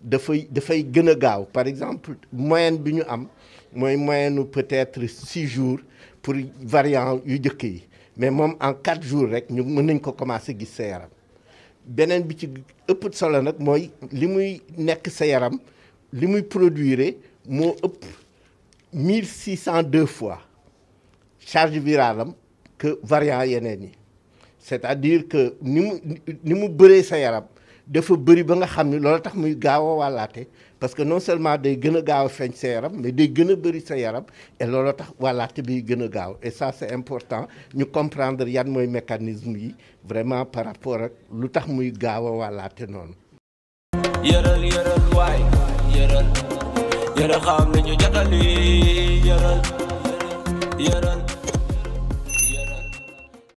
dafay dafay de a gaaw par exemple moyenne bi ñu am moy moyenne peut-être six jours pour variant yu jëkk yi mais même en quatre jours rek ñu mënañ ko commencer gis sa yaram beneen bi ci ëpp solo nak moy limuy nekk sa yaram produire mo ëpp 1602 deux fois charge virale que variant yeneen yi c'est-à-dire que ni mu ni mu bëré sa dafa bëri ba nga xam ni loolu tax muy gaaw a wàllaate parce que non seulement day gën a gaaw a feeñ sa yaram mais day gën a bëri sa yaram et loolu tax wàllaate bi gën a gaaw et ça c'est important ñu comprendre yan mooy mécanisme yi vraiment par rapport ak lu tax muy gaaw a wàllaate noonu. yëral yëral waay yëral yëral xam nañu jotal yi yëral yëral.